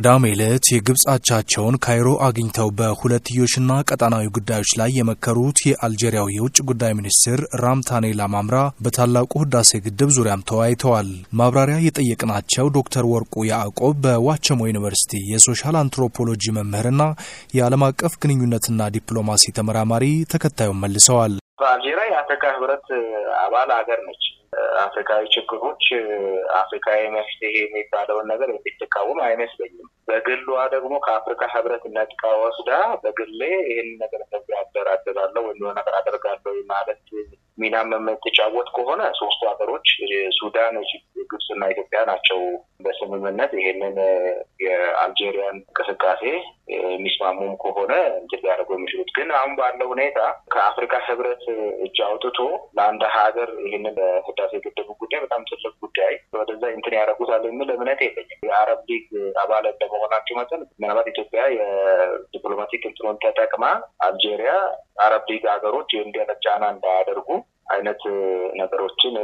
ቅዳሜ ዕለት የግብፅ አቻቸውን ካይሮ አግኝተው በሁለትዮሽና ቀጣናዊ ጉዳዮች ላይ የመከሩት የአልጄሪያው የውጭ ጉዳይ ሚኒስትር ራምታኔ ላማምራ በታላቁ ህዳሴ ግድብ ዙሪያም ተወያይተዋል። ማብራሪያ የጠየቅናቸው ዶክተር ወርቁ ያዕቆብ በዋቸሞ ዩኒቨርሲቲ የሶሻል አንትሮፖሎጂ መምህርና የዓለም አቀፍ ግንኙነትና ዲፕሎማሲ ተመራማሪ ተከታዩን መልሰዋል። አልጄሪያ የአፍሪካ ህብረት አባል አገር ነች። አፍሪካዊ ችግሮች አፍሪካዊ መፍትሄ የሚባለውን ነገር የሚትቃወም አይመስለኝም። በግሏ ደግሞ ከአፍሪካ ህብረት ነጥቃ ወስዳ በግሌ ይህን ነገር እንደዚህ አደራደራለሁ ወይ ነገር አደርጋለሁ ማለት ሚናም የምትጫወት ከሆነ ሶስቱ ሀገሮች ሱዳን፣ ግብፅና ኢትዮጵያ ናቸው በስምምነት ይሄንን የአልጄሪያን እንቅስቃሴ የሚስማሙም ከሆነ እንትን ሊያደርጉ የሚችሉት ግን አሁን ባለው ሁኔታ ከአፍሪካ ህብረት እጅ አውጥቶ ለአንድ ሀገር ይህንን በህዳሴ ግድቡ ጉዳይ በጣም ትልቅ ጉዳይ ወደዛ እንትን ያደረጉታል የሚል እምነት የለኝም። የአረብ ሊግ አባል እንደመሆናቸው መጠን ምናልባት ኢትዮጵያ የዲፕሎማቲክ እንትኖን ተጠቅማ አልጄሪያ አረብ ሊግ ሀገሮች የእንዲያነት ጫና እንዳያደርጉ አይነት ነገሮችን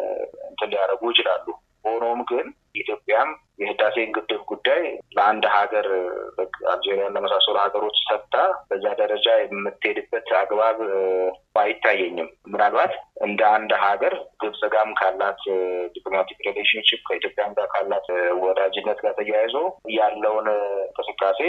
እንትን ሊያደርጉ ይችላሉ። ሆኖም ግን ኢትዮጵያም የህዳሴን ግድብ ጉዳይ ለአንድ ሀገር አልጄሪያን ለመሳሰሉ ሀገሮች ሰጥታ በዛ ደረጃ የምትሄድበት አግባብ አይታየኝም። ምናልባት እንደ አንድ ሀገር ግብጽ ጋም ካላት ዲፕሎማቲክ ሪሌሽንሽፕ ከኢትዮጵያም ጋር ካላት ወዳጅነት ጋር ተያይዞ ያለውን እንቅስቃሴ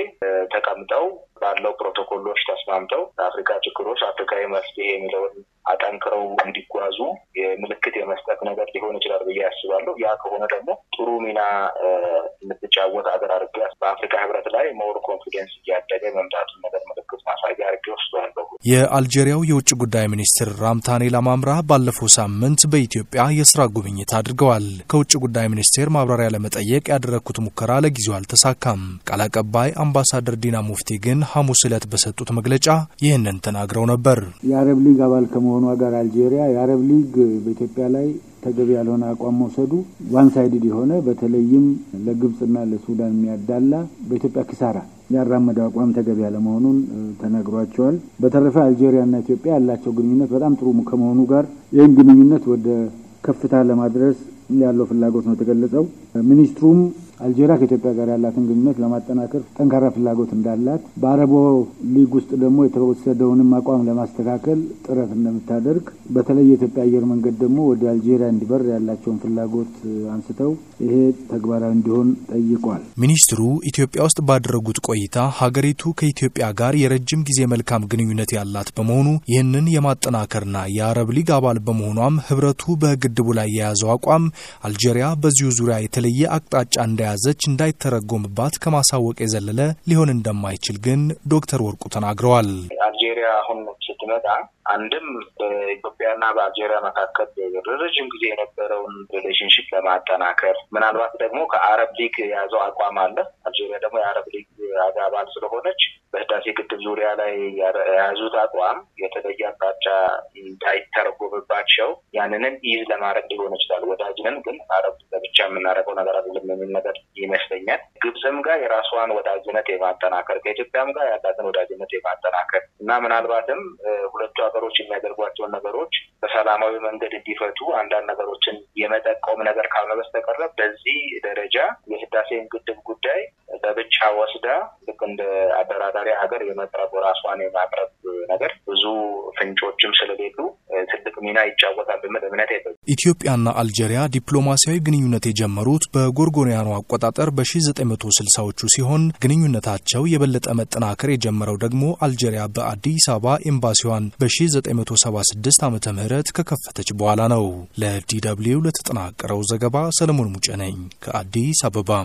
ተቀምጠው ባለው ፕሮቶኮሎች ተስማምተው ለአፍሪካ ችግሮች አፍሪካዊ መፍትሄ የሚለውን አጠንክረው እንዲጓዙ የምልክት የመስጠት ነገር ሊሆን ይችላል ብዬ አስባለሁ። ያ ከሆነ ደግሞ ጥሩ ሚና የምትጫወት ሀገር አድርጌ በአፍሪካ ህብረት ላይ ሞር ኮንፊደንስ እያደገ መምጣቱን ነገር ምልክት ማሳያ አድርጌ ወስደዋለሁ። የአልጄሪያው የውጭ ጉዳይ ሚኒስትር ራምታኔ ላማምራ ባለፈው ሳምንት በኢትዮጵያ የስራ ጉብኝት አድርገዋል። ከውጭ ጉዳይ ሚኒስቴር ማብራሪያ ለመጠየቅ ያደረግኩት ሙከራ ለጊዜው አልተሳካም። ቃል አቀባይ አምባሳደር ዲና ሙፍቲ ግን ሐሙስ ዕለት በሰጡት መግለጫ ይህንን ተናግረው ነበር። የአረብ ሊግ አባል ከመሆኗ ጋር አልጄሪያ የአረብ ሊግ በኢትዮጵያ ላይ ተገቢ ያልሆነ አቋም መውሰዱ ዋን ሳይድድ የሆነ በተለይም ለግብጽና ለሱዳን የሚያዳላ በኢትዮጵያ ኪሳራ ያራመደው አቋም ተገቢ ያለመሆኑን ተነግሯቸዋል። በተረፈ አልጄሪያና ኢትዮጵያ ያላቸው ግንኙነት በጣም ጥሩ ከመሆኑ ጋር ይህን ግንኙነት ወደ ከፍታ ለማድረስ ያለው ፍላጎት ነው የተገለጸው። ሚኒስትሩም አልጄሪያ ከኢትዮጵያ ጋር ያላትን ግንኙነት ለማጠናከር ጠንካራ ፍላጎት እንዳላት በአረቦ ሊግ ውስጥ ደግሞ የተወሰደውንም አቋም ለማስተካከል ጥረት እንደምታደርግ በተለይ የኢትዮጵያ አየር መንገድ ደግሞ ወደ አልጄሪያ እንዲበር ያላቸውን ፍላጎት አንስተው ይሄ ተግባራዊ እንዲሆን ጠይቋል። ሚኒስትሩ ኢትዮጵያ ውስጥ ባደረጉት ቆይታ ሀገሪቱ ከኢትዮጵያ ጋር የረጅም ጊዜ መልካም ግንኙነት ያላት በመሆኑ ይህንን የማጠናከርና የአረብ ሊግ አባል በመሆኗም ህብረቱ በግድቡ ላይ የያዘው አቋም አልጄሪያ በዚሁ ዙሪያ የተለየ አቅጣጫ እንዳ እንደያዘች እንዳይተረጎምባት ከማሳወቅ የዘለለ ሊሆን እንደማይችል ግን ዶክተር ወርቁ ተናግረዋል። አልጄሪያ አሁን ስትመጣ አንድም በኢትዮጵያና በአልጄሪያ መካከል ረዥም ጊዜ የነበረውን ሪሌሽንሽፕ ለማጠናከር ምናልባት ደግሞ ከአረብ ሊግ የያዘው አቋም አለ። አልጄሪያ ደግሞ የአረብ ሊግ አባል ስለሆነች በህዳሴ ግድብ ዙሪያ ላይ የያዙት አቋም የተለየ አቅጣጫ እንዳይተረጎምባቸው ያንንም ኢዝ ለማድረግ ሊሆን ይችላል። ወዳጅንን ግን አረብ ለብቻ የምናደርገው ነገር አይደለም የሚል ነገር ይመስለኛል። ግብፅም ጋር የራሷን ወዳጅነት የማጠናከር ከኢትዮጵያም ጋር ያላትን ወዳጅነት የማጠናከር እና ምናልባትም ሁለቱ ሀገሮች የሚያደርጓቸውን ነገሮች በሰላማዊ መንገድ እንዲፈቱ አንዳንድ ነገሮችን የመጠቆም ነገር ካልሆነ በስተቀረ በዚህ ደረጃ የህዳሴን ግድብ ጉዳይ በብቻ ወስዳ ልክ እንደ አደራዳሪ ሀገር የመቅረብ ራሷን የማቅረብ ነገር ብዙ ምንጮችም ስለሌሉ ትልቅ ሚና ይጫወታል በሚል እምነት የለ። ኢትዮጵያና አልጄሪያ ዲፕሎማሲያዊ ግንኙነት የጀመሩት በጎርጎሪያኑ አቆጣጠር በ1960ዎቹ ሲሆን ግንኙነታቸው የበለጠ መጠናከር የጀመረው ደግሞ አልጄሪያ በአዲስ አበባ ኤምባሲዋን በ1976 ዓ ም ከከፈተች በኋላ ነው። ለዲ ደብልዩ ለተጠናቀረው ዘገባ ሰለሞን ሙጬ ነኝ ከአዲስ አበባ።